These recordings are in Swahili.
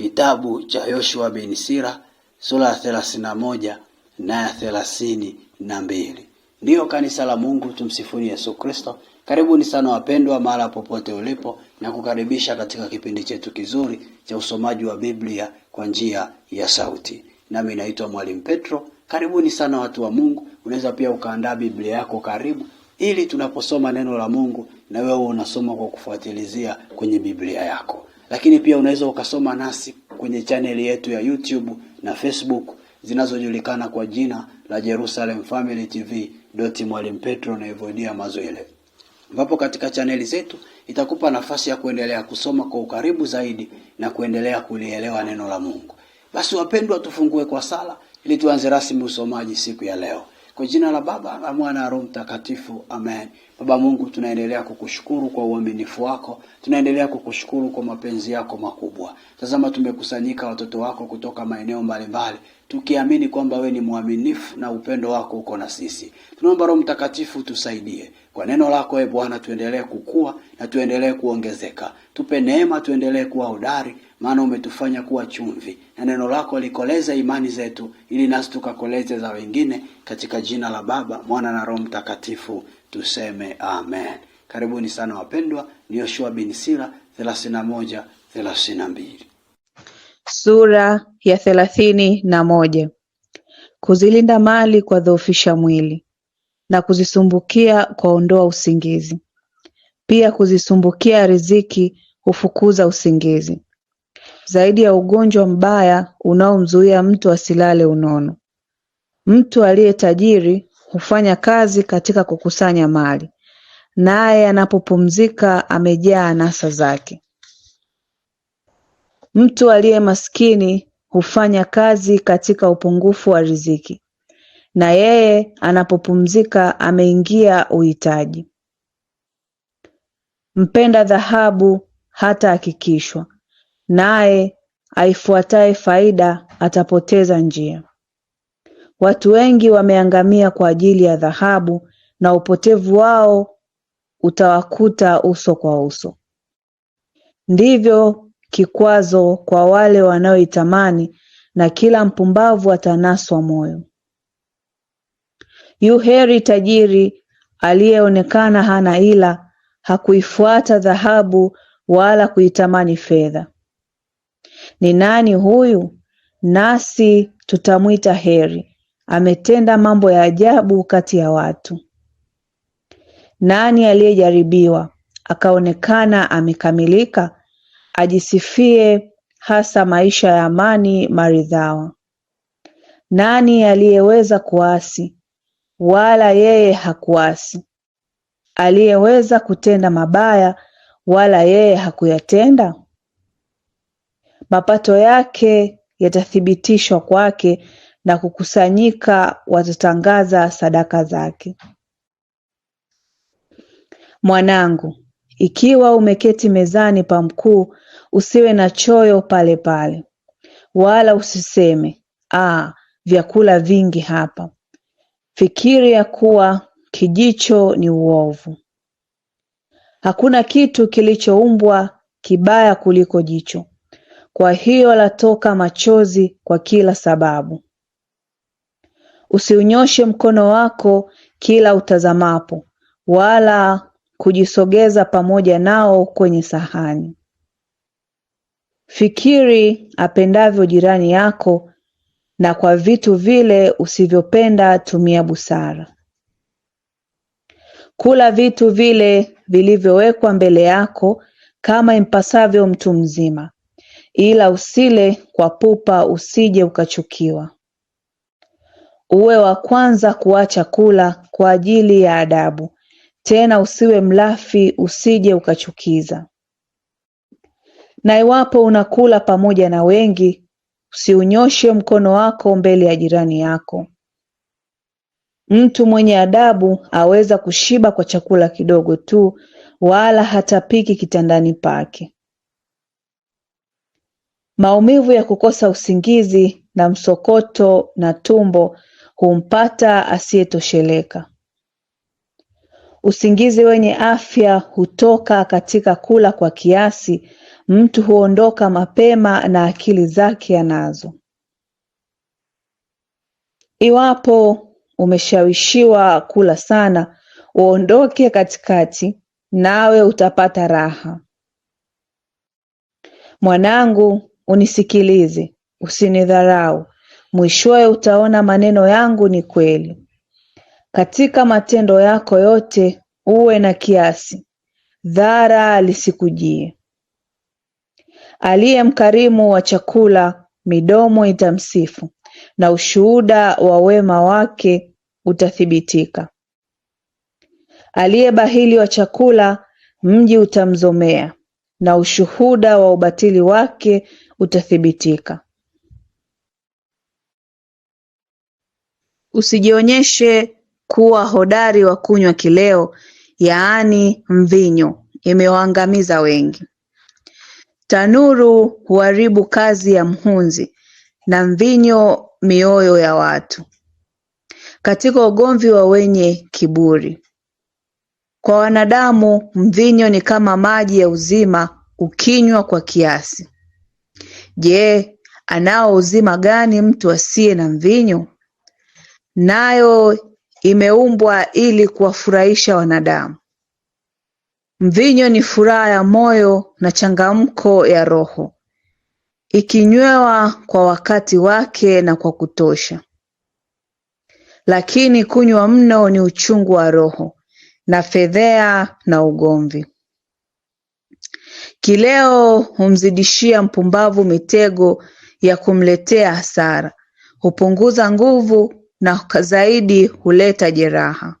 Kitabu cha Yoshua bin Sira sura ya thelathini na moja na ya thelathini na mbili. Ndiyo kanisa la Mungu, tumsifuni Yesu Kristo. Karibuni sana wapendwa, mahala popote ulipo, na kukaribisha katika kipindi chetu kizuri cha usomaji wa Biblia kwa njia ya sauti. Nami naitwa Mwalimu Petro. Karibuni sana watu wa Mungu. Unaweza pia ukaandaa Biblia yako karibu, ili tunaposoma neno la Mungu na wewe unasoma kwa kufuatilizia kwenye Biblia yako lakini pia unaweza ukasoma nasi kwenye chaneli yetu ya YouTube na Facebook zinazojulikana kwa jina la Jerusalem Family TV doti Mwalimu Petro na Evodia Mazwile, ambapo katika chaneli zetu itakupa nafasi ya kuendelea kusoma kwa ukaribu zaidi na kuendelea kulielewa neno la Mungu. Basi wapendwa, tufungue kwa sala ili tuanze rasmi usomaji siku ya leo. Kwa jina la Baba na Mwana na Roho Mtakatifu, amen. Baba Mungu, tunaendelea kukushukuru kwa uaminifu wako, tunaendelea kukushukuru kwa mapenzi yako makubwa. Tazama, tumekusanyika watoto wako kutoka maeneo mbalimbali, tukiamini kwamba we ni mwaminifu na upendo wako uko na sisi. Tunaomba Roho Mtakatifu tusaidie kwa neno lako, e Bwana, tuendelee kukua na tuendelee kuongezeka. Tupe neema, tuendelee kuwa hodari maana umetufanya kuwa chumvi, na neno lako likoleza imani zetu, ili nasi tukakoleze za wengine. Katika jina la Baba, Mwana na Roho Mtakatifu tuseme amen. Karibuni sana wapendwa, ni Yoshua bin Sira, thelathini na mbili sura ya thelathini na moja kuzilinda mali kwa dhoofisha mwili na kuzisumbukia kwa ondoa usingizi. Pia kuzisumbukia riziki hufukuza usingizi zaidi ya ugonjwa mbaya unaomzuia mtu asilale unono Mtu aliye tajiri hufanya kazi katika kukusanya mali naye anapopumzika amejaa anasa zake Mtu aliye maskini hufanya kazi katika upungufu wa riziki na yeye anapopumzika ameingia uhitaji Mpenda dhahabu hata akikishwa naye aifuataye faida atapoteza njia. Watu wengi wameangamia kwa ajili ya dhahabu na upotevu wao utawakuta uso kwa uso. Ndivyo kikwazo kwa wale wanaoitamani na kila mpumbavu atanaswa moyo. Yu heri tajiri aliyeonekana hana ila, hakuifuata dhahabu wala kuitamani fedha, ni nani huyu? Nasi tutamwita heri, ametenda mambo ya ajabu kati ya watu. Nani aliyejaribiwa akaonekana amekamilika, ajisifie hasa maisha ya amani maridhawa? Nani aliyeweza kuasi, wala yeye hakuasi? Aliyeweza kutenda mabaya, wala yeye hakuyatenda? Mapato yake yatathibitishwa kwake na kukusanyika watatangaza sadaka zake. Mwanangu, ikiwa umeketi mezani pa mkuu, usiwe na choyo pale pale, wala usiseme ah, vyakula vingi hapa. Fikiri ya kuwa kijicho ni uovu. Hakuna kitu kilichoumbwa kibaya kuliko jicho. Kwa hiyo latoka machozi kwa kila sababu. Usiunyoshe mkono wako kila utazamapo, wala kujisogeza pamoja nao kwenye sahani. Fikiri apendavyo jirani yako, na kwa vitu vile usivyopenda tumia busara. Kula vitu vile vilivyowekwa mbele yako kama impasavyo mtu mzima, ila usile kwa pupa usije ukachukiwa. Uwe wa kwanza kuacha kula kwa ajili ya adabu, tena usiwe mlafi usije ukachukiza. Na iwapo unakula pamoja na wengi, usiunyoshe mkono wako mbele ya jirani yako. Mtu mwenye adabu aweza kushiba kwa chakula kidogo tu, wala hatapiki kitandani pake. Maumivu ya kukosa usingizi na msokoto na tumbo humpata asiyetosheleka. Usingizi wenye afya hutoka katika kula kwa kiasi. Mtu huondoka mapema na akili zake anazo. Iwapo umeshawishiwa kula sana, uondoke katikati, nawe utapata raha. Mwanangu, unisikilize, usinidharau, mwishowe utaona maneno yangu ni kweli. Katika matendo yako yote uwe na kiasi, dhara lisikujie. Aliye mkarimu wa chakula midomo itamsifu, na ushuhuda wa wema wake utathibitika. Aliye bahili wa chakula mji utamzomea, na ushuhuda wa ubatili wake utathibitika Usijionyeshe kuwa hodari wa kunywa kileo, yaani mvinyo, imewaangamiza wengi. Tanuru huharibu kazi ya mhunzi na mvinyo mioyo ya watu, katika ugomvi wa wenye kiburi. Kwa wanadamu mvinyo ni kama maji ya uzima ukinywa kwa kiasi. Je, anao uzima gani mtu asiye na mvinyo? Nayo imeumbwa ili kuwafurahisha wanadamu. Mvinyo ni furaha ya moyo na changamko ya roho, ikinywewa kwa wakati wake na kwa kutosha. Lakini kunywa mno ni uchungu wa roho na fedhea na ugomvi. Kileo humzidishia mpumbavu mitego ya kumletea hasara, hupunguza nguvu na zaidi huleta jeraha.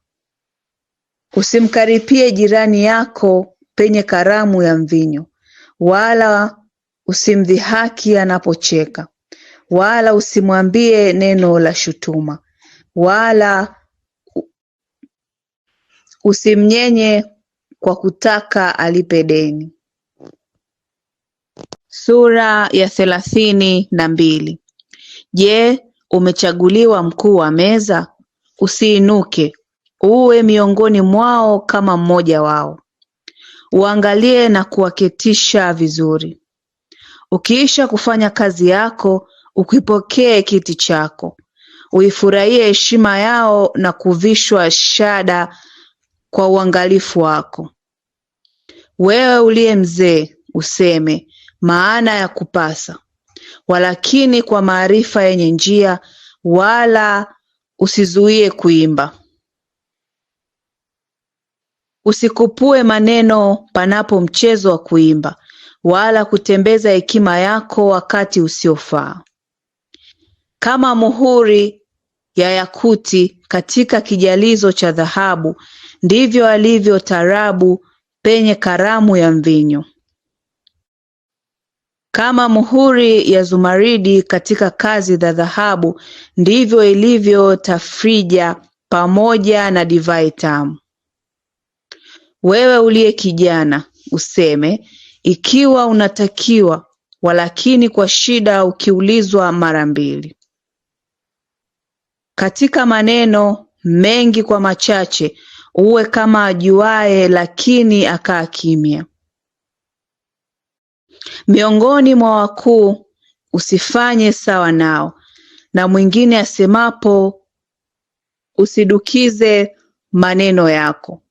Usimkaripie jirani yako penye karamu ya mvinyo, wala usimdhihaki anapocheka, wala usimwambie neno la shutuma, wala usimnyenye kwa kutaka alipe deni. Sura ya thelathini na mbili. Je, umechaguliwa mkuu wa meza? Usiinuke uwe miongoni mwao kama mmoja wao, uangalie na kuwaketisha vizuri. Ukiisha kufanya kazi yako, ukipokee kiti chako, uifurahie heshima yao na kuvishwa shada kwa uangalifu wako. Wewe uliye mzee useme, maana ya kupasa, walakini kwa maarifa yenye njia, wala usizuie kuimba. Usikupue maneno panapo mchezo wa kuimba, wala kutembeza hekima yako wakati usiofaa. Kama muhuri ya yakuti katika kijalizo cha dhahabu, ndivyo alivyo tarabu penye karamu ya mvinyo. Kama muhuri ya Zumaridi katika kazi za dhahabu ndivyo ilivyo tafrija pamoja na divai tamu. Wewe uliye kijana useme ikiwa unatakiwa, walakini kwa shida ukiulizwa mara mbili. Katika maneno mengi kwa machache uwe kama ajuaye, lakini akaa kimya miongoni mwa wakuu usifanye sawa nao, na mwingine asemapo usidukize maneno yako.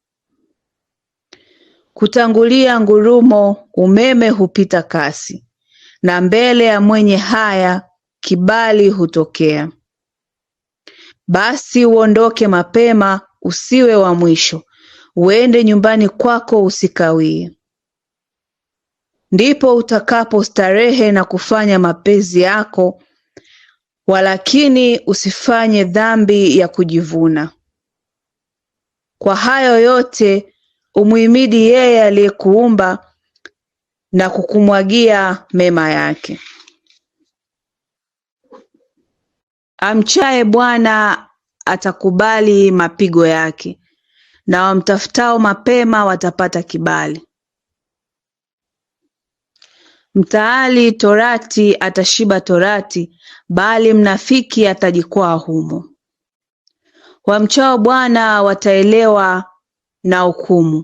Kutangulia ngurumo umeme hupita kasi, na mbele ya mwenye haya kibali hutokea. Basi uondoke mapema, usiwe wa mwisho, uende nyumbani kwako usikawie ndipo utakapostarehe na kufanya mapenzi yako, walakini usifanye dhambi ya kujivuna. Kwa hayo yote umuhimidi yeye aliyekuumba na kukumwagia mema yake. Amchaye Bwana atakubali mapigo yake, na wamtafutao mapema watapata kibali. Mtaali torati atashiba torati, bali mnafiki atajikwaa humo. Wamchao Bwana wataelewa na hukumu,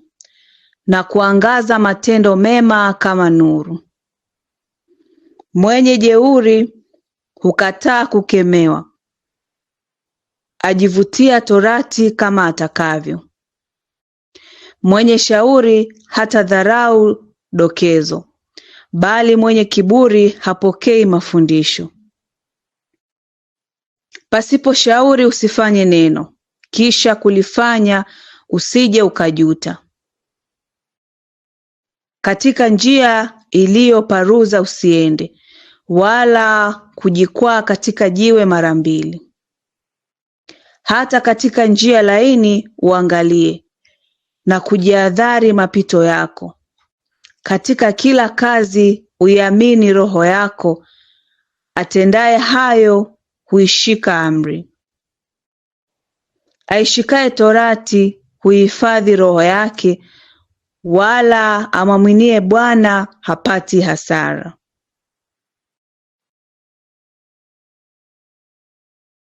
na kuangaza matendo mema kama nuru. Mwenye jeuri hukataa kukemewa, ajivutia torati kama atakavyo. Mwenye shauri hata dharau dokezo, bali mwenye kiburi hapokei mafundisho. Pasipo shauri usifanye neno, kisha kulifanya usije ukajuta. Katika njia iliyoparuza usiende, wala kujikwaa katika jiwe mara mbili. Hata katika njia laini uangalie, na kujiadhari mapito yako, katika kila kazi uiamini roho yako, atendaye hayo huishika amri. Aishikaye torati huihifadhi roho yake, wala amwaminie Bwana hapati hasara.